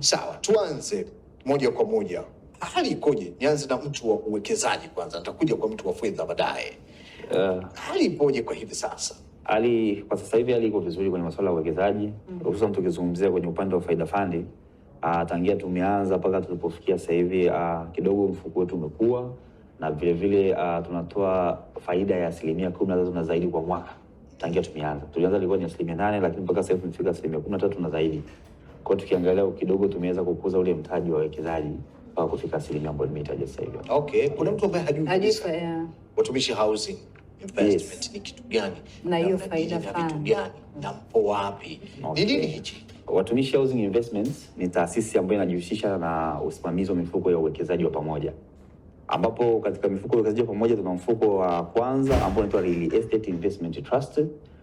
Sawa, tuanze moja kwa moja. Hali ikoje? Nianze na mtu wa uwekezaji kwanza, nitakuja kwa mtu wa fedha baadaye. Uh, hali ipoje kwa hivi sasa? Hali kwa sasa hivi hali iko vizuri kwenye masuala ya uwekezaji mhm. hususan, mm, tukizungumzia kwenye upande wa Faida Fund uh, ah, tangia tumeanza mpaka tulipofikia sasa hivi uh, kidogo mfuko wetu umekua na vile vile uh, tunatoa faida ya asilimia kumi na tatu na zaidi kwa mwaka. Tangia tumeanza tulianza ilikuwa ni asilimia nane, lakini mpaka sasa hivi tumefika asilimia kumi na tatu na zaidi. Kwa tukiangalia kidogo tumeweza kukuza ule mtaji wa wekezaji mpaka kufika asilimia ambayo nimeitaja sasa hivi. Okay, kuna mtu ambaye hajui kabisa. Watumishi housing investment yes, ni kitu gani? Na hiyo faida fani. Vitu gani? Na mpo wapi? Ni nini hichi? Watumishi Housing Investments ni taasisi ambayo inajihusisha na usimamizi wa mifuko ya uwekezaji wa pamoja, ambapo katika mifuko ya uwekezaji wa pamoja tuna mfuko wa kwanza ambao unaitwa Real Estate Investment Trust,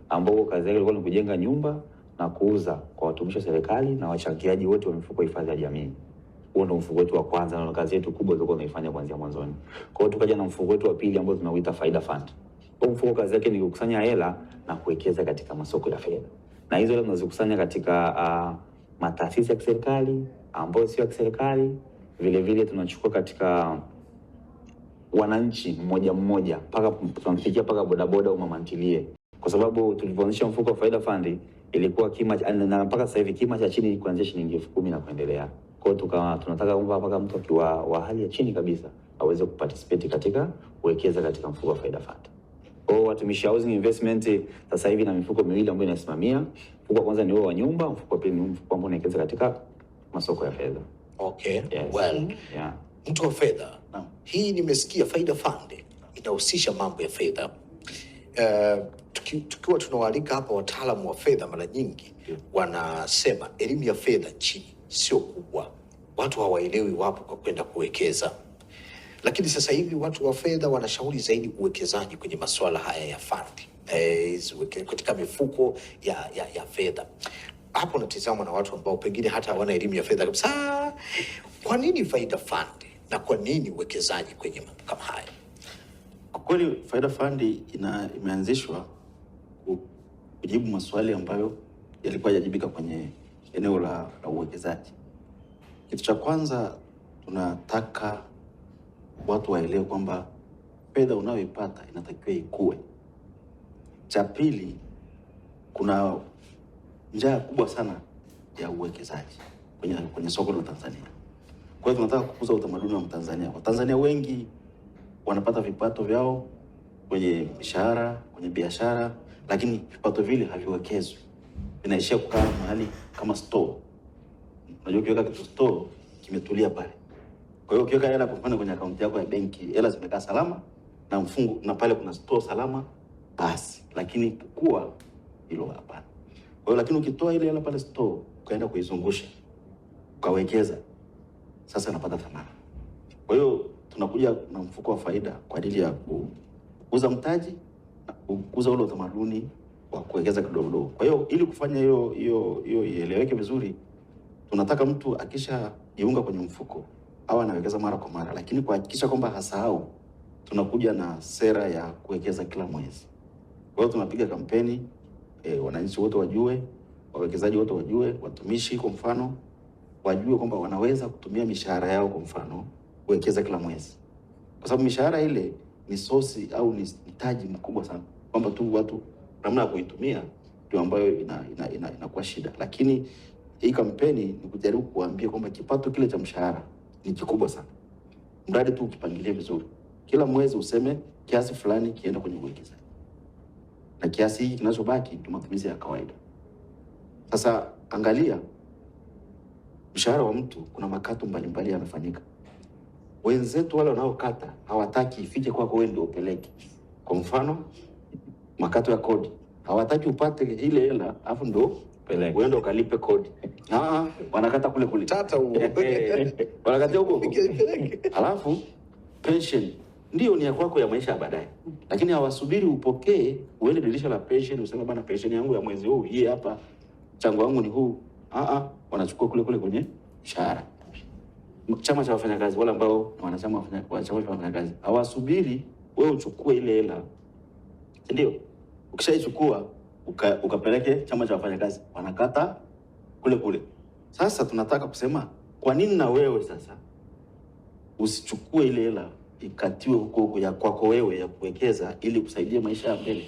ambao kazi yake ilikuwa ni kujenga nyumba na kuuza kwa watumishi wa serikali na wachangiaji wote wa mifuko hifadhi ya jamii. Huo ndio mfuko wetu wa kwanza na kazi yetu kubwa tulikuwa tunaifanya kuanzia mwanzoni. Kwa hiyo tukaja na mfuko wetu wa pili ambao tunauita Faida Fund. Huo mfuko kazi yake ni kukusanya hela na kuwekeza katika masoko ya fedha. Na hizo hela tunazikusanya katika uh, mataasisi ya serikali ambayo sio ya serikali, vile vile tunachukua katika wananchi mmoja mmoja mpaka tunamfikia mpaka bodaboda au mamantilie, kwa sababu tulivyoanzisha mfuko wa Faida Fund ilikuwa kima na mpaka sasa hivi kima cha chini kuanzia shilingi elfu kumi na kuendelea. Kwa hiyo tukawa tunataka kumpa mpaka mtu akiwa wa hali ya chini kabisa aweze kuparticipate katika kuwekeza katika mfuko wa Faida Fund. Kwa hiyo watumishi housing investment sasa hivi na mifuko miwili ambayo inasimamia, mfuko wa kwanza ni wa nyumba, mfuko wa pili ni mfuko ambao unawekeza katika masoko ya fedha. Okay. Yes. Well, yeah. Mtu wa fedha. Naam. Hii nimesikia Faida Fund inahusisha mambo ya fedha. Uh, tuki, tukiwa tunawaalika hapa wataalamu wa fedha, mara nyingi wanasema elimu ya fedha nchini sio kubwa, watu hawaelewi wapo kwa kwenda kuwekeza. Lakini sasa hivi watu wa fedha wanashauri zaidi uwekezaji kwenye masuala haya ya fund eh, katika mifuko ya, ya, ya fedha. Hapo natizama na watu ambao pengine hata hawana elimu ya fedha kabisa. Kwa nini faida fandi na kwa nini uwekezaji kwenye mambo kama haya? Kwa kweli faida fandi imeanzishwa kujibu maswali ambayo yalikuwa yajibika kwenye eneo la, la uwekezaji. Kitu cha kwanza tunataka watu waelewe kwamba fedha unayoipata inatakiwa ikue. Cha pili, kuna njaa kubwa sana ya uwekezaji kwenye, kwenye soko la Tanzania. Kwa hiyo tunataka kukuza utamaduni wa Mtanzania. Watanzania wengi wanapata vipato vyao kwenye mishahara, kwenye biashara lakini vipato vile haviwekezwi, vinaishia kukaa mahali kama store. Unajua, ukiweka kitu store kimetulia pale. Kwa hiyo ukiweka hela kufanya kwenye akaunti yako ya benki, hela zimekaa salama na mfungu na pale kuna store salama basi, lakini kukua hilo hapana. Kwa hiyo lakini ukitoa ile hela pale store ukaenda kuizungusha ukawekeza, sasa unapata thamani. Kwa hiyo tunakuja na mfuko wa faida kwa ajili ya kuuza mtaji kukuza ule utamaduni wa kuwekeza kidogo kidogo. Kwa hiyo ili kufanya hiyo hiyo hiyo ieleweke vizuri, tunataka mtu akishajiunga kwenye mfuko au anawekeza mara kwa mara, lakini kuhakikisha kwamba hasahau, tunakuja na sera ya kuwekeza kila mwezi. Kwa hiyo tunapiga kampeni e, wananchi wote wajue, wawekezaji wote wajue, watumishi kwa mfano wajue kwamba wanaweza kutumia mishahara yao kwa mfano kuwekeza kila mwezi, kwa sababu mishahara ile ni sosi au ni mtaji mkubwa sana kwamba tu watu namna ya kuitumia ndio ambayo inakuwa ina, ina, ina shida, lakini hii kampeni ni kujaribu kuambia kwamba kipato kile cha mshahara ni kikubwa sana, mradi tu ukipangilia vizuri, kila mwezi useme kiasi fulani kienda kwenye uwekezaji na kiasi hiki kinachobaki ndio matumizi ya kawaida. Sasa angalia mshahara wa mtu, kuna makato mbalimbali yanafanyika. Wenzetu wale wanaokata hawataki ifike kwako wewe ndio upeleke. Kwa mfano makato ya kodi. Hawataki upate ile hela afu ndo uende ukalipe kodi. Ah, ah, wanakata kule kule. Tata huo. Wanakata huko. Alafu pension ndio ni ya kwako ya maisha ya baadaye, lakini hawasubiri upokee uende dirisha la pension useme bana, pension yangu ya mwezi huu hii hapa, mchango wangu ni huu. Ah ah, wanachukua kule kule kwenye mshahara. Chama cha wafanyakazi wale ambao wanachama wa chama cha wafanyakazi hawasubiri wewe uchukue ile hela, ndio ukishaichukua uka, ukapeleke chama cha wafanyakazi wanakata kule kule. Sasa tunataka kusema kwa nini na wewe sasa usichukue ile hela ikatiwe huko huko ya kwako wewe ya kuwekeza ili kusaidia maisha ya mbele.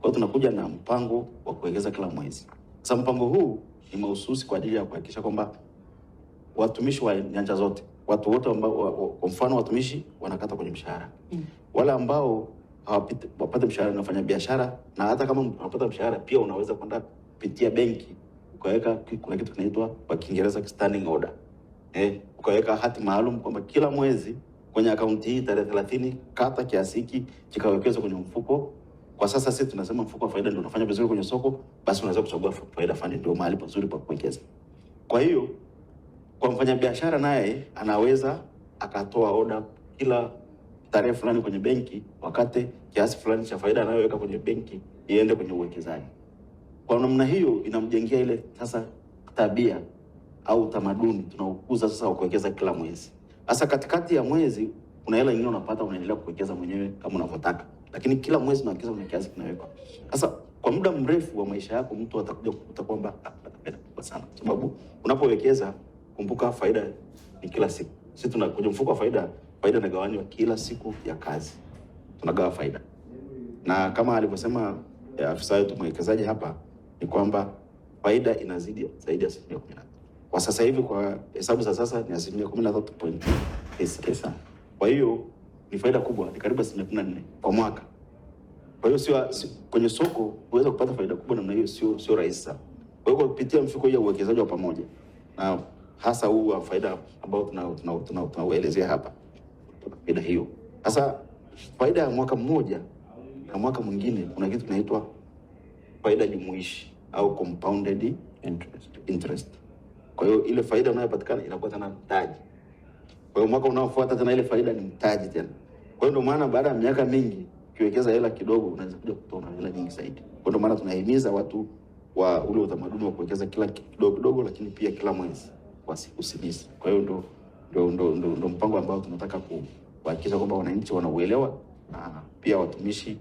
Kwa tunakuja na mpango wa kuwekeza kila mwezi. Sasa mpango huu ni mahususi kwa ajili ya kuhakikisha kwamba watumishi wa nyanja zote, watu wote ambao, kwa mfano watumishi wanakata kwenye mshahara, mm. wale ambao hawapate mshahara na wafanya biashara, na hata kama unapata mshahara pia unaweza kwenda kupitia benki ukaweka, kuna kitu kinaitwa kwa Kiingereza standing order eh, ukaweka hati maalum kwamba kila mwezi kwenye akaunti hii tarehe 30 kata kiasi hiki kikawekezwa kwenye mfuko. Kwa sasa sisi tunasema mfuko wa faida ndio unafanya vizuri kwenye soko, basi unaweza kuchagua faida fund, ndio mahali pazuri pa kuwekeza. Kwa hiyo kwa mfanyabiashara naye anaweza akatoa oda kila tarehe fulani kwenye benki, wakate kiasi fulani cha faida anayoweka kwenye benki iende kwenye uwekezaji. Kwa namna hiyo inamjengea ile sasa tabia au utamaduni tunaokuza sasa wa kuwekeza kila mwezi. Sasa katikati ya mwezi kuna hela nyingine unapata, unaendelea kuwekeza mwenyewe kama unavyotaka, lakini kila mwezi unawekeza kwenye kiasi kinawekwa. Sasa kwa muda mrefu wa maisha yako mtu atakuja kukuta kwamba faida ah, sana, kwa sababu unapowekeza, kumbuka faida ni kila siku. Sisi tunakuja mfuko wa faida faida inagawanywa kila siku ya kazi, tunagawa faida, na kama alivyosema eh, afisa wetu mwekezaji hapa ni kwamba faida inazidi zaidi ya asilimia kumi na tatu kwa sasa hivi, kwa hesabu za sasa ni asilimia kumi na tatu point tisa Kwa hiyo ni faida kubwa, ni karibu asilimia kumi na nne kwa mwaka. Kwa hiyo sio si, kwenye soko kuweza kupata faida kubwa namna hiyo, sio sio rahisi sana. Kwa hiyo kupitia mfuko huu wa uwekezaji wa pamoja na hasa huu wa faida ambao tunauelezea tuna, tuna, tuna hapa faida hiyo. Sasa faida ya mwaka mmoja na mwaka mwingine, kuna kitu kinaitwa faida jumuishi au compounded interest, interest. Kwa hiyo ile faida unayopatikana inakuwa tena mtaji. Kwa hiyo mwaka unaofuata tena ile faida ni mtaji tena. Kwa hiyo ndio maana baada ya miaka mingi ukiwekeza hela kidogo unaweza kuja kutoa hela nyingi zaidi. Kwa ndio maana tunahimiza watu wa ule utamaduni wa kuwekeza kila kidogo kidogo, lakini pia kila mwezi kwa siku sitini. Kwa hiyo ndio ndo, ndo, ndo, ndo mpango ambao tunataka kuhakikisha kwamba wananchi wanauelewa na pia watumishi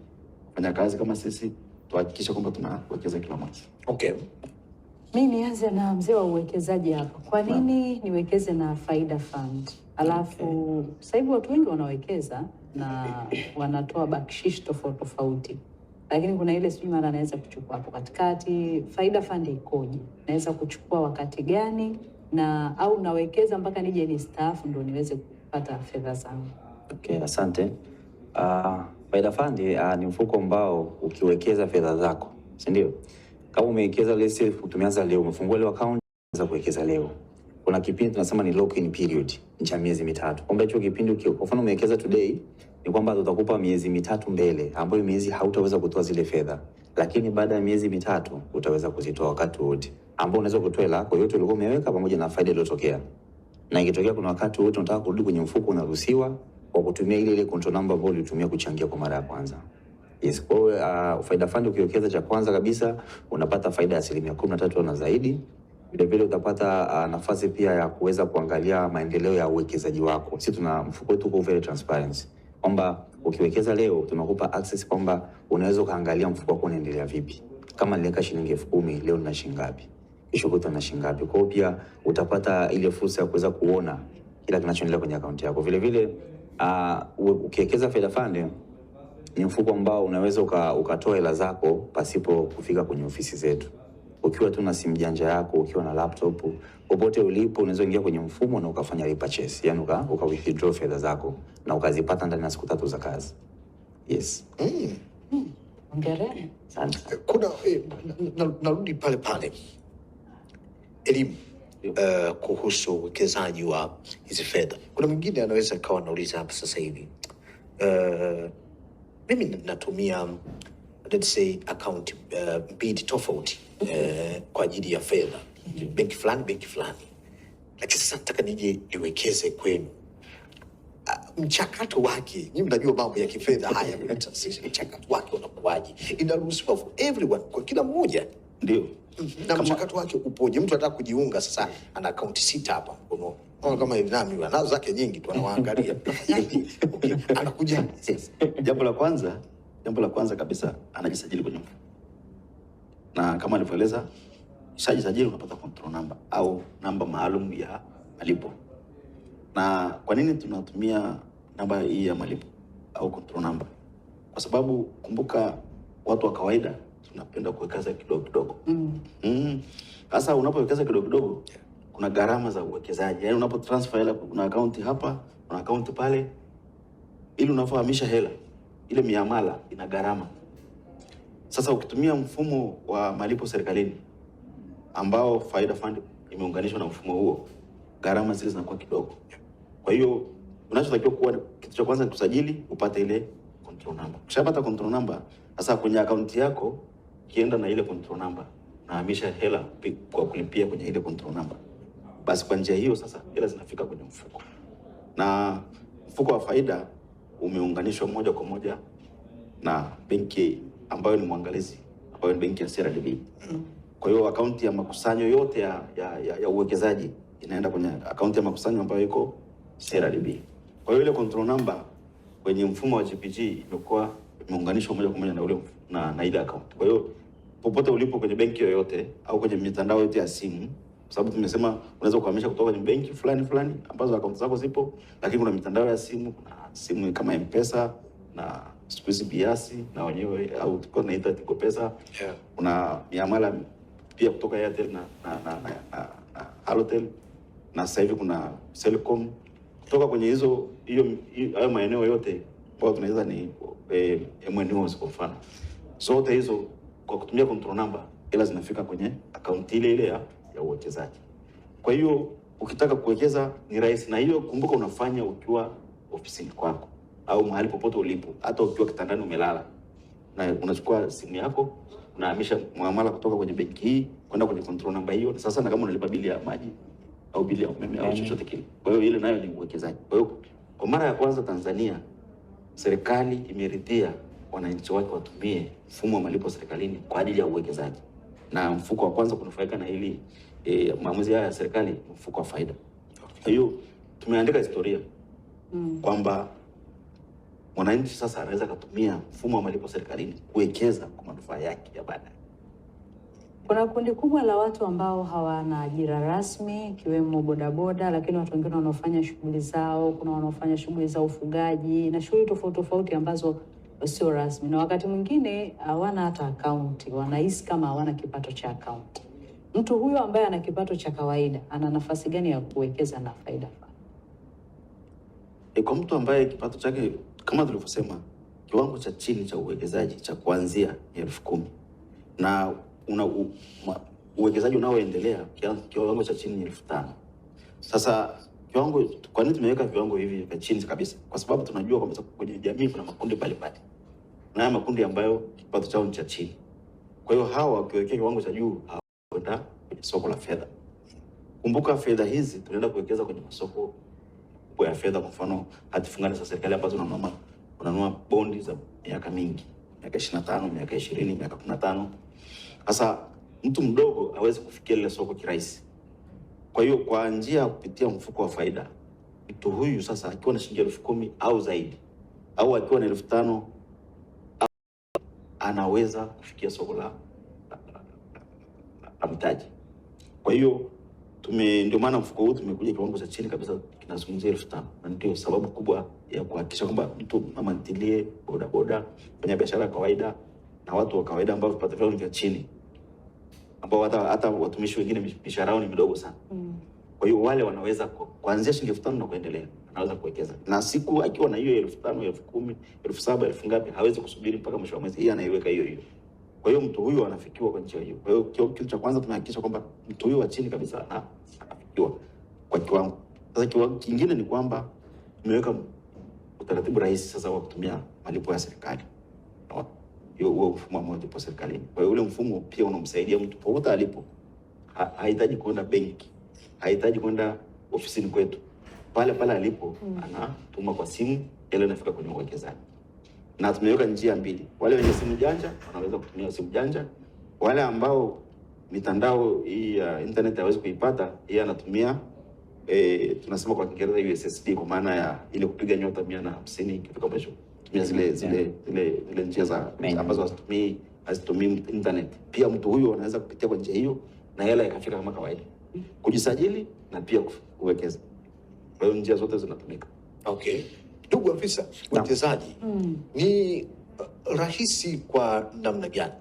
fanya kazi kama sisi tuhakikisha kwamba tunawekeza kila mwezi. Okay. Mi nianze na mzee wa uwekezaji hapa. Kwa nini niwekeze na Faida Fund? Alafu okay. Sasa hivi watu wengi wanawekeza na wanatoa bakshish tofauti tofauti, lakini kuna ile sijui mara anaweza kuchukua hapo katikati. Faida Fund ikoje? Naweza kuchukua wakati gani? na au nawekeza mpaka nije ni nistaafu ndo niweze kupata fedha zangu. Okay, asante. Uh, ah, Faida Fund uh, ni mfuko ambao ukiwekeza fedha zako, si ndio? Kama umewekeza lese, tumeanza leo, umefungua leo account unaanza kuwekeza leo, kuna kipindi tunasema ni lock in period cha miezi mitatu. Kwa hicho kipindi kwa mfano umewekeza today, ni kwamba tutakupa miezi mitatu mbele, ambayo miezi hautaweza kutoa zile fedha lakini baada ya miezi mitatu utaweza kuzitoa wakati wote, ambao unaweza kutoa hela yako yote ulikuwa umeweka pamoja na faida iliyotokea. Na ikitokea kuna wakati wote unataka kurudi kwenye mfuko, unaruhusiwa kwa kutumia ile ile control number ambayo ulitumia kuchangia kwa mara ya kwanza. Yes, kwa hiyo uh, faida fund ukiwekeza, cha kwanza kabisa unapata faida ya asilimia kumi na tatu na zaidi. Vilevile utapata uh, nafasi pia ya kuweza kuangalia maendeleo ya uwekezaji wako. Sisi tuna mfuko wetu kwa very transparency kwamba ukiwekeza leo tunakupa access kwamba unaweza ukaangalia mfuko wako unaendelea vipi. Kama niliweka shilingi elfu kumi leo nina shilingi ngapi, kesho kutwa nina shilingi ngapi. Kwa pia utapata ile fursa ya kuweza kuona kila kinachoendelea kwenye akaunti yako. Vile vile uh, ukiwekeza fedha Fund ni mfuko ambao unaweza ukatoa hela zako pasipo kufika kwenye ofisi zetu ukiwa tu na simu janja yako, ukiwa na laptop, popote ulipo unaweza ingia kwenye mfumo na ukafanya repurchase, yani uka, uka withdraw fedha zako na ukazipata ndani ya siku tatu za kazi. Yes. Mm. Mm. Kuna narudi eh, na, na pale pale elimu Uh, kuhusu uwekezaji wa hizi fedha. Kuna mwingine anaweza akawa anauliza hapa sasa hivi, uh, mimi natumia let's say account uh, bid tofauti uh, kwa ajili ya fedha benki fulani benki fulani, lakini sasa nataka nije niwekeze kwenu. Uh, mchakato wake, ni mnajua mambo ya kifedha haya, mchakato wake unakuwaje? Inaruhusu for everyone, kwa kila mmoja ndio mhm. na kama... mchakato wake upoje? Mtu anataka kujiunga sasa, ana akaunti sita hapa mkononi oh, kama kama nazo zake nyingi tu anawaangalia. anakuja. Jambo la kwanza Jambo la kwanza kabisa anajisajili kwenye mfumo, na kama alivyoeleza, ushajisajili unapata control number au namba maalum ya malipo. Na kwa nini tunatumia namba hii ya malipo au control number? Kwa sababu kumbuka, watu wa kawaida tunapenda kuwekeza kidogo kidogo. Mm. Mm. Sasa unapowekeza kidogo kidogo, Kuna gharama za uwekezaji, yaani unapo transfer hela, kuna akaunti hapa, kuna akaunti pale, ili unafahamisha hela ile miamala ina gharama. Sasa ukitumia mfumo wa malipo serikalini ambao Faida Fund imeunganishwa na mfumo huo, gharama zile zinakuwa kidogo. Kwa hiyo unachotakiwa kuwa, kitu cha kwanza ni kusajili, upate ile control number. Ukishapata control number, sasa kwenye akaunti yako ukienda na ile control number, nahamisha hela kwa kulipia kwenye ile control number, basi kwa njia hiyo sasa hela zinafika kwenye mfuko na mfuko wa faida umeunganishwa moja kwa moja na benki ambayo ni mwangalizi ambayo ni benki ya CRDB. Mm. Kwa hiyo akaunti ya makusanyo yote ya, ya, ya, ya uwekezaji inaenda kwenye akaunti ya makusanyo ambayo iko CRDB. Kwa hiyo ile control number kwenye mfumo wa JPG imekuwa imeunganishwa moja kwa moja na ule na, na ile account. Kwa hiyo popote ulipo kwenye benki yoyote au kwenye mitandao yote ya simu, kwa sababu tumesema unaweza kuhamisha kutoka kwenye benki fulani fulani ambazo akaunti zako zipo, lakini kuna mitandao ya simu, kuna simu kama mpesa na siku hizi biasi na wenyewe au tulikuwa tunaita tiko Pesa yeah. una miamala pia kutoka Airtel na na na, na, na, na Halotel na sasa hivi kuna Selcom kutoka kwenye hizo hiyo hayo maeneo yote kwa tunaweza ni eh, MNOs kwa mfano zote hizo kwa kutumia control number ila zinafika kwenye akaunti ile ile ya, ya uwekezaji. Kwa hiyo ukitaka kuwekeza ni rahisi, na hiyo kumbuka, unafanya ukiwa ofisini kwako au mahali popote ulipo, hata ukiwa kitandani umelala, na unachukua simu yako unahamisha muamala kutoka kwenye benki hii kwenda kwenye control namba hiyo. Sasa na kama unalipa bili ya maji au bili ya umeme au mm-hmm. chochote kile, kwa hiyo ile nayo ni uwekezaji. Kwa hiyo kwa mara ya kwanza Tanzania serikali imeridhia wananchi wake watumie mfumo wa malipo serikalini kwa ajili ya uwekezaji, na mfuko wa kwanza kunufaika na hili e, maamuzi haya ya serikali mfuko wa faida. Kwa hiyo tumeandika historia. Mm. kwamba mwananchi sasa anaweza akatumia mfumo wa malipo serikalini kuwekeza kwa manufaa yake ya baadaye. Kuna kundi kubwa la watu ambao hawana ajira rasmi ikiwemo bodaboda, lakini watu wengine wanaofanya shughuli zao, kuna wanaofanya shughuli za ufugaji na shughuli tofauti tofauti ambazo sio rasmi, na wakati mwingine hawana hata akaunti, wanahisi kama hawana kipato cha akaunti. Mtu huyo ambaye ana kipato cha kawaida ana nafasi gani ya kuwekeza na faida? E, kwa mtu ambaye kipato chake kama tulivyosema kiwango cha chini cha uwekezaji cha kuanzia elfu kumi na una u, ma, uwekezaji unaoendelea kiwango cha chini elfu tano Sasa kiwango, kwa nini tumeweka viwango hivi vya chini kabisa? Kwa sababu tunajua kwamba kwenye jamii kuna makundi mbalimbali na makundi ambayo kipato chao ni cha chini. Kwa hiyo hawa wakiwekea kiwango cha juu hawakwenda kwenye soko la fedha. Kumbuka fedha hizi tunaenda kuwekeza kwenye masoko mifuko ya fedha, kwa mfano hati fungani za serikali ambazo unanunua unanunua bondi za miaka mingi, miaka 25, miaka 20, miaka 15. Sasa mtu mdogo hawezi kufikia lile soko kirahisi. Kwa hiyo kwa njia ya kupitia mfuko wa faida, mtu huyu sasa akiwa na shilingi elfu kumi au zaidi au akiwa na elfu tano anaweza kufikia soko la mtaji. Kwa hiyo tume ndio maana mfuko huu tumekuja kiwango cha chini kabisa kinazungumzia elfu tano na ndio sababu kubwa ya kuhakikisha kwamba mtu mama ntilie, bodaboda, fanya biashara ya kawaida na watu wa kawaida ambao vipato vyao ni vya chini, ambao hata hata watumishi wengine mishahara yao ni midogo sana mm. Kwa hiyo wale wanaweza kuanzia shilingi elfu tano na kuendelea, anaweza kuwekeza na siku akiwa na hiyo elfu tano elfu kumi elfu saba elfu ngapi, hawezi kusubiri mpaka mwisho wa mwezi, hii anaiweka hiyo hiyo. Kwa hiyo mtu huyu anafikiwa kwa njia hiyo. Kwa hiyo kitu cha kwanza tunahakikisha kwamba mtu huyu wa chini kabisa anafikiwa kwa kiwango. Sasa kiwango kingine ni kwamba tumeweka utaratibu rahisi sasa wa kutumia malipo ya serikali huo mfumo ambao upo serikalini. Kwa hiyo ule mfumo pia unamsaidia mtu popote alipo, hahitaji kwenda benki, hahitaji kwenda ofisini kwetu, pale pale alipo mm, anatuma kwa simu, yale anafika kwenye uwekezaji na tumeweka njia mbili, wale wenye simu janja wanaweza kutumia simu janja, wale ambao mitandao hii ya uh, internet hawezi kuipata, yeye anatumia e, tunasema kwa Kiingereza USSD kwa maana ya ile kupiga nyota 150 kitu kama hicho, tumia zile zile zile zile njia za ambazo hazitumii hazitumii internet. Pia mtu huyo anaweza kupitia kwa njia hiyo na hela ikafika kama kawaida, kujisajili na pia kuwekeza. Kwa hiyo njia zote zinatumika. Okay. Ndugu afisa uwekezaji mm. ni uh, rahisi kwa namna gani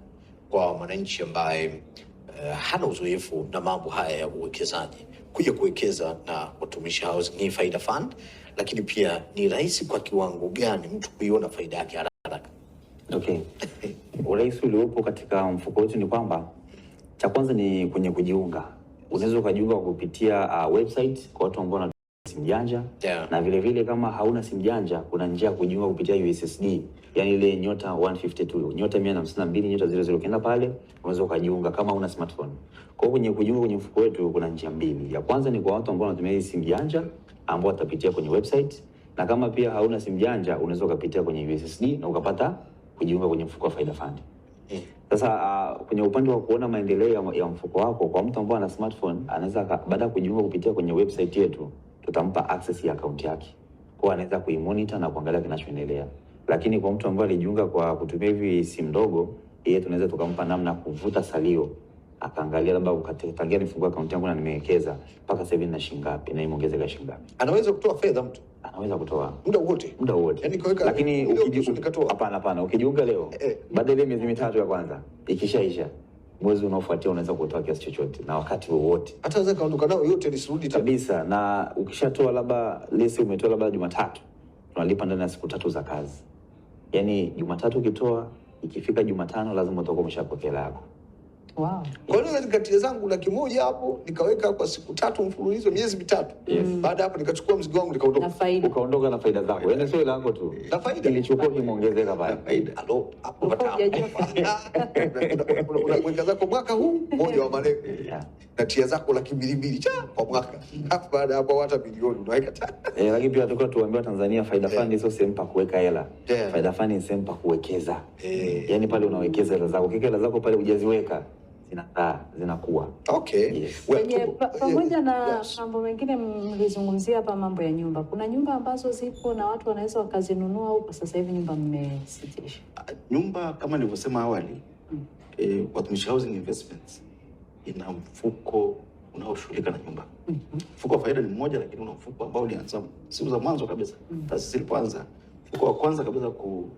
kwa mwananchi ambaye uh, hana uzoefu na mambo haya ya uwekezaji kuja kuwekeza na watumishi Housing Faida Fund, lakini pia ni rahisi kwa kiwango gani mtu kuiona faida yake haraka? Okay. Urahisi uliopo katika mfuko wetu ni kwamba cha kwanza ni kwenye kujiunga, unaweza ukajiunga kupitia uh, website kwa watu ambao simjanja yeah. na vile vile kama hauna simjanja kuna njia ya kujiunga kupitia USSD, yani ile nyota 152 nyota 152 nyota 00, ukienda pale unaweza ukajiunga kama una smartphone. Kwa hiyo kwenye kujiunga kwenye mfuko wetu kuna njia mbili, ya kwanza ni kwa watu ambao wanatumia hii simjanja ambao watapitia kwenye website, na kama pia hauna simjanja unaweza ukapitia kwenye USSD na ukapata kujiunga kwenye mfuko wa Faida Fund. Mm. Sasa uh, kwenye upande wa kuona maendeleo ya, ya mfuko wako kwa mtu ambaye ana smartphone anaweza baada ya kujiunga kupitia kwenye website yetu tutampa access ya akaunti yake, kwa anaweza kuimonitor na kuangalia kinachoendelea. Lakini kwa mtu ambaye alijiunga kwa kutumia hivi simu ndogo, yeye tunaweza tukampa namna kuvuta salio akaangalia labda tangia nifungua akaunti yangu na nimewekeza mpaka sasa hivi na shilingi ngapi na imeongezeka shilingi ngapi. Anaweza kutoa fedha mtu, anaweza kutoa muda wote, muda wote yani kaweka. Lakini ukijiunga, hapana hapana, ukijiunga leo, eh, baada ya miezi mitatu ya kwanza ikishaisha mwezi unaofuatia unaweza kutoa kiasi chochote na wakati wowote, hata unaweza kaondoka nao yote nisirudi kabisa. Na ukishatoa labda lesi, umetoa labda Jumatatu, unalipa ndani ya siku tatu za kazi, yani Jumatatu ukitoa, ikifika Jumatano lazima utakuwa umeshapokea lako. Wow. Kwa hiyo nikatia zangu laki moja hapo nikaweka kwa siku tatu mfululizo miezi mitatu. Yes. Mm. Baada hapo nikachukua mzigo wangu nikaondoka. Ukaondoka na faida zako. Yaani sio lango tu. Na faida ilichukua kimeongezeka pale. Faida. Alo, hapo Kuna unaweka zako mwaka huu moja wa malengo. Yeah. Na tia zako laki mbili mbili cha kwa mwaka. Mm. Alafu baada hapo hata bilioni unaweka tena. Eh, lakini pia tukao tuambiwa Tanzania faida fund sio sehemu pa kuweka hela. Faida fund ni sehemu pa kuwekeza. Eh. Yaani pale unawekeza hela zako. Kika hela zako pale hujaziweka zinazaa zinakuwa. Okay. Yes. pamoja na yes, mambo mengine mlizungumzia hapa mambo ya nyumba, kuna nyumba ambazo zipo na watu wanaweza wakazinunua au kwa sasa hivi nyumba mmesitisha? Ah, nyumba kama nilivyosema awali mm. eh, Watumishi Housing Investments ina mfuko unaoshughulika na nyumba mm -hmm. Mfuko wa faida ni mmoja, lakini una mfuko ambao ulianza siku za mwanzo kabisa mm taasisi ilipoanza, mfuko wa kwanza kabisa ku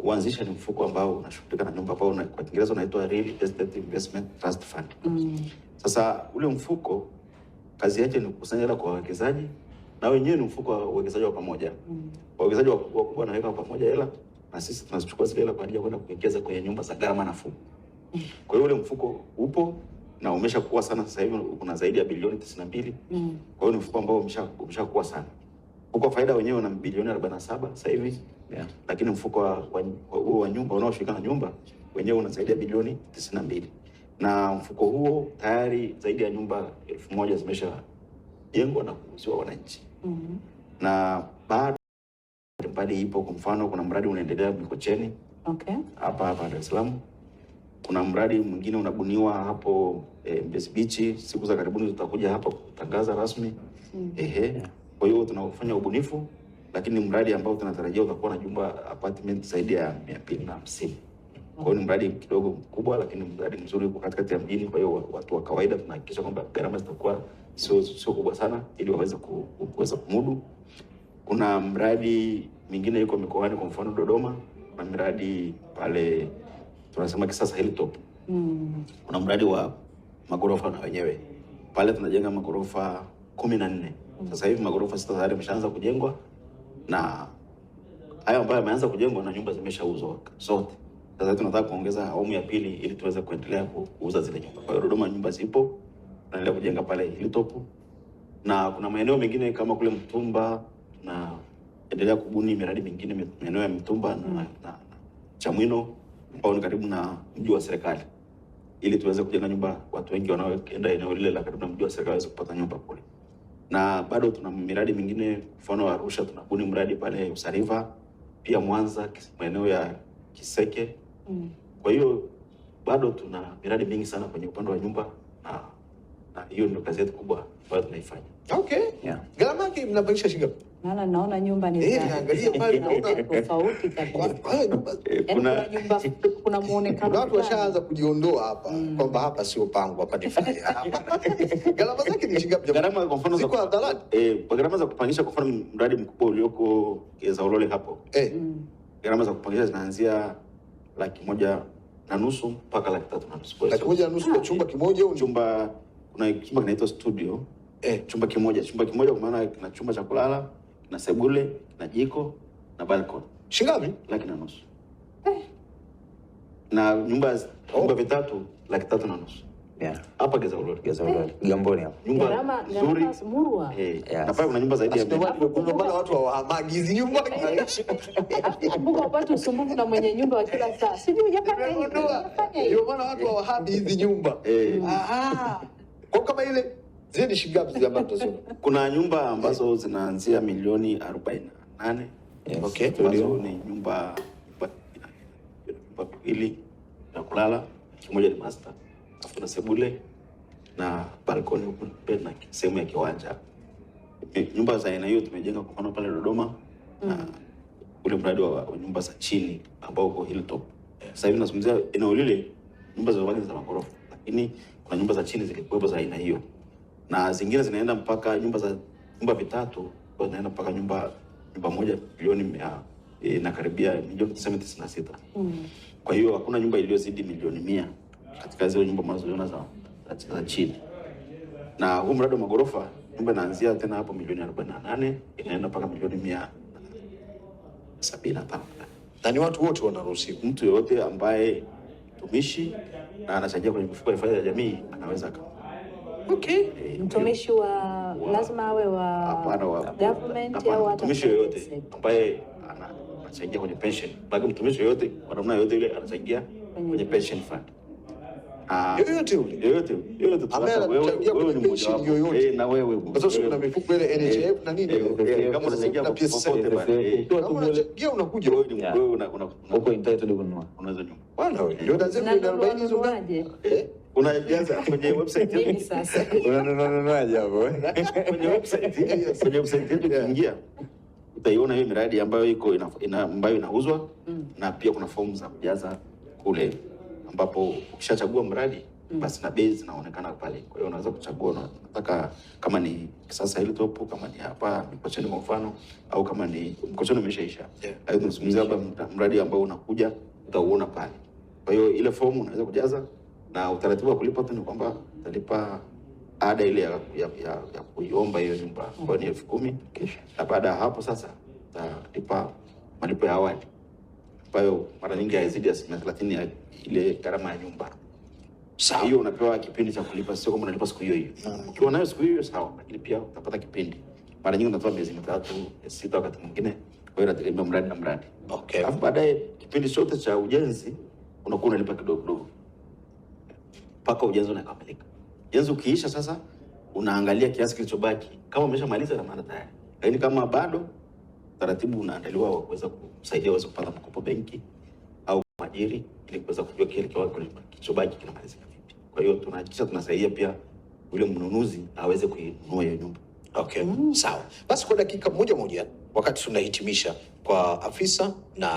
kuanzisha ni mfuko ambao unashughulika na nyumba ambao kwa Kiingereza unaitwa Real Estate Investment Trust Fund. Mm. Sasa ule mfuko kazi yake ni kukusanya hela kwa wawekezaji na wenyewe ni mfuko wa uwekezaji wa pamoja. Mm. Wawekezaji wakubwa wanaweka pamoja hela na sisi tunazichukua zile hela kwa ajili ya kwenda kuwekeza kwenye nyumba za gharama nafuu. Kwa hiyo ule mfuko upo na umeshakuwa sana sasa hivi kuna zaidi ya bilioni 92. Mm. Kwa hiyo ni mfuko ambao umeshakuwa umesha sana. Mfuko wa faida wenyewe una bilioni 47 sasa hivi yeah. Lakini mfuko wa, wa, wa, wa nyumba unaoshirika na nyumba wenyewe unasaidia bilioni 92, na mfuko huo tayari zaidi ya nyumba elfu moja zimeshajengwa na kuuziwa wananchi mm -hmm. na baada mbali ipo. Kwa mfano, kuna mradi unaendelea Mikocheni okay. hapa hapa Dar es Salaam. Kuna mradi mwingine unabuniwa hapo e, Mbezi Beach. Siku za karibuni tutakuja hapa kutangaza rasmi mm -hmm. ehe yeah. Kwa hiyo tunafanya ubunifu, lakini mradi ambao tunatarajia utakuwa na jumba apartment zaidi ya mia mbili na hamsini. Kwa hiyo ni mradi kidogo mkubwa, lakini mradi mzuri, uko katikati ya mjini. Kwa hiyo watu wa kawaida tunahakikisha kwamba gharama zitakuwa sio sio kubwa sana, ili waweze kuweza kumudu. Kuna mradi mingine yuko mikoani, kwa mfano Dodoma, na miradi pale tunasema Kisasa Hilltop mm. Kuna mradi wa magorofa na wenyewe pale tunajenga magorofa kumi na nne sasa hivi magorofa sita tayari yameshaanza kujengwa na hayo ambayo yameanza kujengwa na nyumba zimeshauzwa zote. Sasa tunataka kuongeza awamu ya pili ili tuweze kuendelea kuuza zile nyumba. Kwa hiyo Dodoma nyumba zipo, tunaendelea kujenga pale Hilltop na kuna maeneo mengine kama kule Mtumba, na endelea kubuni miradi mingine maeneo ya Mtumba na, na, na Chamwino ambao ni karibu na mji wa serikali ili tuweze kujenga nyumba, watu wengi wanaoenda eneo lile la karibu na mji wa serikali waweze kupata nyumba kule na bado tuna miradi mingine, mfano wa Arusha tunabuni mradi pale Usariva, pia Mwanza maeneo ya Kiseke mm. Kwa hiyo bado tuna miradi mingi sana kwenye upande wa nyumba na hiyo ndio kazi yetu kubwa ambayo tunaifanya. Okay. Yeah. Gharama yake mnapangisha shilingi ngapi? Maana naona nyumba ni eh, angalia yaani pale naona tofauti kabisa. Yaani eh, kuna nyumba kuna muonekano. Watu washaanza kujiondoa hapa mm. kwamba hapa sio pango hapa ni faya. Gharama zake ni shilingi ngapi? Gharama kwa mfano za eh, kwa dalali. Eh, gharama za kupangisha kwa mfano mradi mkubwa ulioko Zaulole hapo. Eh. Mm. Gharama za kupangisha zinaanzia laki moja na nusu mpaka laki tatu na nusu. Laki moja na nusu kwa ah. chumba kimoja au chumba kuna chumba kinaitwa studio eh, chumba kimoja, chumba kimoja kwa maana kina chumba cha kulala, na sebule, na jiko na balcony. Shingapi? Laki na nusu. Eh. Na nyumba nyumba oh, vitatu laki tatu na nusu. Yeah. Hapa Geza Ulori. Eh. Geza Ulodi. Gamboni hapa. Nyumba nzuri. Eh. Yes. Na pale kuna nyumba zaidi ya mbili. Kuna bala watu hawahamagi hizi nyumba. Kumbuka watu usumbufu na mwenye nyumba wa kila saa. Sijui hujapata hiyo. Ndio maana watu hawahamagi hizi nyumba. Eh. Aha. Kwa kama ile zidi shilingi ngapi? Kuna nyumba ambazo zinaanzia milioni arobaini nane yes. Okay, ambazo ni nyumba mbili na kulala, kimoja ni master, alafu kuna sebule na balkoni huko na sehemu ya kiwanja. Nyumba za aina hiyo tumejenga kwa mfano pale Dodoma mm. na ule mradi wa nyumba za chini ambao uko Hilltop. Sasa hivi nazungumzia eneo lile, nyumba za mabati za magorofa, lakini kuna nyumba za chini zilikuwepo za aina hiyo na zingine zinaenda mpaka nyumba za nyumba vitatu kwa zinaenda mpaka nyumba nyumba moja milioni mia e, na karibia milioni tisini tisini na sita. Mm. Kwa hiyo hakuna nyumba iliyozidi milioni mia katika zile nyumba mnazoziona za, za, za chini. Na huu mradi wa magorofa nyumba inaanzia tena hapo milioni arobaini na nane inaenda mpaka milioni mia sabini na tano. Na ni watu wote wanaruhusiwa, mtu yoyote ambaye mtumishi na anachangia kwenye mifuko ya hifadhi ya jamii anaweza akaa Okay. Mtumishi wa lazima awe wa government au mtumishi yoyote ambaye anachangia kwenye pension. Bado mtumishi yoyote kwa namna yoyote ile anachangia kwenye pension fund. Eh, eh, eh, unakuja unajaza kwenye website yetu sasa, unanunuaje hapo eh? kwenye website? Kwenye website yetu ukiingia utaiona hiyo miradi ambayo iko ina, ambayo inauzwa mm. na pia kuna fomu za kujaza kule, ambapo ukishachagua mradi mm. basi na bei zinaonekana pale. Kwa hiyo unaweza kuchagua unataka kama ni Kisasa Hilltop, kama ni hapa Mikocheni kwa mfano, au kama ni Mikocheni umeshaisha, yeah. tunazungumzia hapa mradi ambao unakuja utauona pale. Kwa hiyo ile fomu unaweza kujaza na utaratibu wa kulipa tu ni kwamba utalipa ada ile ya, ya, ya, ya kuiomba hiyo nyumba ambayo ni elfu kumi na baada ya hapo sasa utalipa malipo ya awali ambayo mara nyingi hayazidi asilimia thelathini ya ile gharama ya nyumba. Sawa, hiyo unapewa kipindi cha kulipa, sio kama unalipa siku hiyo hiyo. Ukiwa nayo siku hiyo sawa, lakini pia utapata kipindi. Mara nyingi unatoa miezi mitatu sita, wakati mwingine. Kwa hiyo inategemea mradi na mradi. Okay, alafu baadaye kipindi chote cha ujenzi unakuwa unalipa kidogo kidogo mpaka ujenzi unakamilika. Ujenzi ukiisha, sasa unaangalia kiasi kilichobaki, kama umeshamaliza na maana tayari, lakini kama bado, taratibu unaandaliwa wa kuweza kusaidia waweze kupata mkopo benki au mwajiri, ili kuweza kujua kile kilichobaki kinamalizika vipi. Kwa hiyo tunahakikisha tunasaidia pia yule mnunuzi aweze kuinunua hiyo nyumba. Okay. Mm. Sawa. Basi kwa dakika moja moja wakati tunahitimisha kwa afisa na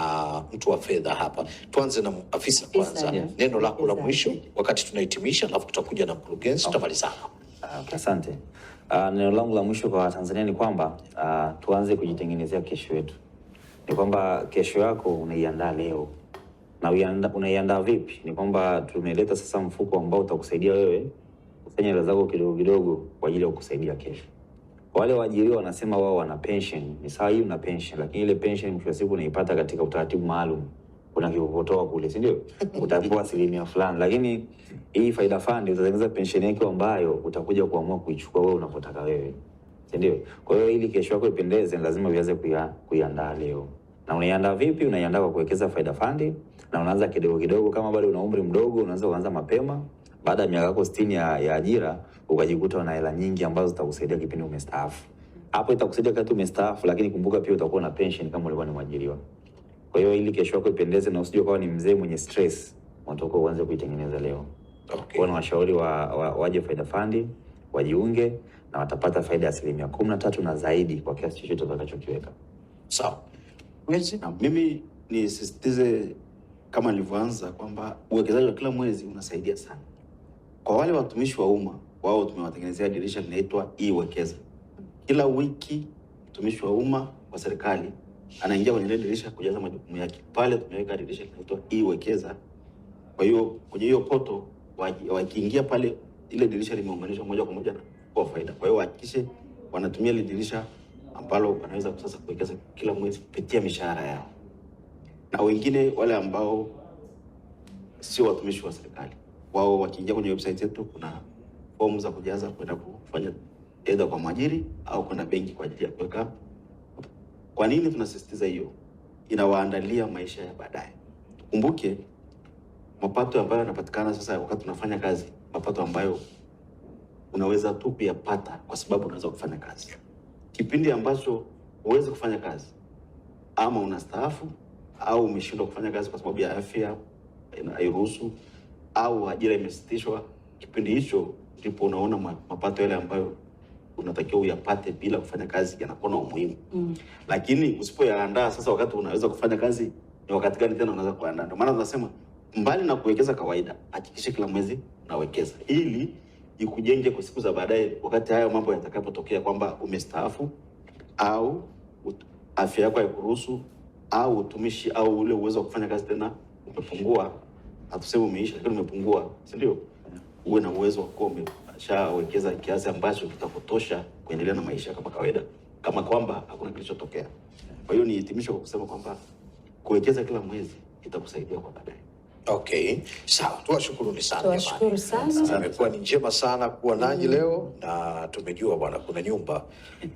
mtu wa fedha hapa. Tuanze na afisa kwanza, yeah. Neno lako la mwisho wakati tunahitimisha, alafu tutakuja na mkurugenzi tutamaliza. Okay, ah, asante. Uh, neno langu la mwisho kwa Tanzania ni kwamba uh, tuanze kujitengenezea kesho yetu. Ni kwamba kesho yako unaiandaa leo na unaiandaa vipi? Ni kwamba tumeleta sasa mfuko ambao utakusaidia wewe kufanya hela zako kidogo kidogo kwa ajili ya kukusaidia kesho wale waajiriwa wanasema wao wana pension. Ni sawa, hii una pension, lakini ile pension mwisho wa siku unaipata katika utaratibu maalum Kuna unavyopotoa kule, si ndio? Utapewa asilimia fulani, lakini hii Faida Fund utatengeneza pension yako ambayo utakuja kuamua kuichukua wewe unapotaka wewe, si ndio? Kwa hiyo ili kesho yako ipendeze, lazima uanze kuiandaa leo. Na unaiandaa vipi? Unaiandaa kwa kuwekeza Faida Fund, na unaanza kidogo kidogo. Kama bado una umri mdogo, unaanza kuanza mapema baada ya miaka yako 60 ya ya ajira ukajikuta una hela nyingi ambazo zitakusaidia kipindi umestaafu. Hapo itakusaidia kati umestaafu, lakini kumbuka pia utakuwa na pension kama ulikuwa ni mwajiriwa. Kwa hiyo ili kesho yako ipendeze na usije ukawa ni mzee mwenye stress, unatoka uanze kuitengeneza leo. Okay. Kwa na washauri wa, wa, waje Faida Fund wajiunge na watapata faida ya asilimia kumi na tatu na zaidi kwa kiasi chochote utakachokiweka. Sawa. So, mimi nisisitize kama nilivyoanza kwamba uwekezaji wa kila mwezi unasaidia sana kwa wale watumishi wa umma, wao tumewatengenezea dirisha linaitwa iwekeza. Kila wiki mtumishi wa umma wa serikali anaingia kwenye dirisha kujaza majukumu yake. Pale tumeweka dirisha linaitwa iwekeza. Kwa hiyo kwenye hiyo poto wakiingia pale, ile dirisha limeunganishwa moja kwa moja kwa faida. Kwa hiyo wahakikishe wanatumia ile dirisha ambalo wanaweza sasa kuwekeza kila mwezi kupitia mishahara yao, na wengine wale ambao sio watumishi wa serikali wao wakiingia kwenye website yetu, kuna fomu za kujaza kwenda kufanya edha kwa mwajiri au kwenda benki kwa ajili ya kuweka. Kwa nini tunasisitiza hiyo? Inawaandalia maisha ya baadaye. Kumbuke mapato ambayo yanapatikana sasa wakati tunafanya kazi, mapato ambayo unaweza tu kuyapata kwa sababu unaweza kufanya kazi. Kipindi ambacho huwezi kufanya kazi, ama unastaafu au umeshindwa kufanya kazi kwa sababu ya afya inairuhusu, au ajira imesitishwa, kipindi hicho ndipo unaona mapato yale ambayo unatakiwa uyapate bila kufanya kazi yanakuwa na umuhimu mm. Lakini usipoyaandaa sasa, wakati unaweza kufanya kazi ni wakati gani tena unaweza kuandaa? Ndio maana tunasema mbali na kuwekeza kawaida, hakikishe kila mwezi unawekeza ili ikujenge kwa siku za baadaye, wakati hayo mambo yatakapotokea kwamba umestaafu au afya yako haikuruhusu au utumishi au ule uwezo wa kufanya kazi tena umepungua hatuseme umeisha, lakini umepungua, si ndio? Uwe na uwezo wa kuwa umeshawekeza kiasi ambacho kitakutosha kuendelea na maisha kama kawaida, kama kwamba hakuna kilichotokea. Kwa hiyo nihitimishe kwa kusema kwamba kuwekeza kila mwezi itakusaidia kwa baadaye. Okay, sawa, tuwashukuruni sana tuwashukuru sana. Imekuwa ni njema sana kuwa nanyi mm. -hmm. leo na tumejua bwana, kuna nyumba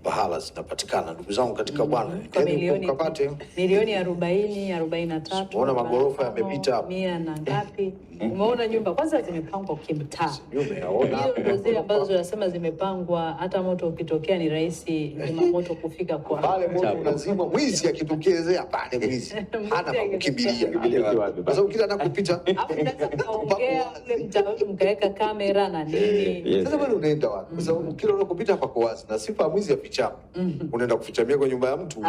bahala zinapatikana ndugu zangu katika mm. -hmm. Bwana kapate milioni arobaini arobaini na tatu, ona magorofa yamepita mia na ngapi Eh? Umeona nyumba kwanza zimepangwa kimtaa, hiyo ndio zile ambazo unasema zimepangwa, hata moto ukitokea ni rahisi moto kufika kwa pale. Moto unazima, mwizi akitokezea pale, mwizi hana pa kukimbilia, kwa sababu kila anakupita ongea ule mtaa, mkaweka kamera na eh, nini. Sasa wewe unaenda wapi? Kwa sababu mm. kila unakopita kwa wazi, na sifa ya mwizi afichapo, mm. unaenda kufichamia kwa nyumba ya mtu,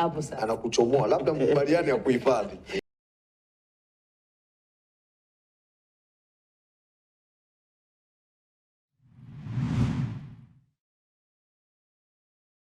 anakuchomoa labda mkubaliane ya kuhifadhi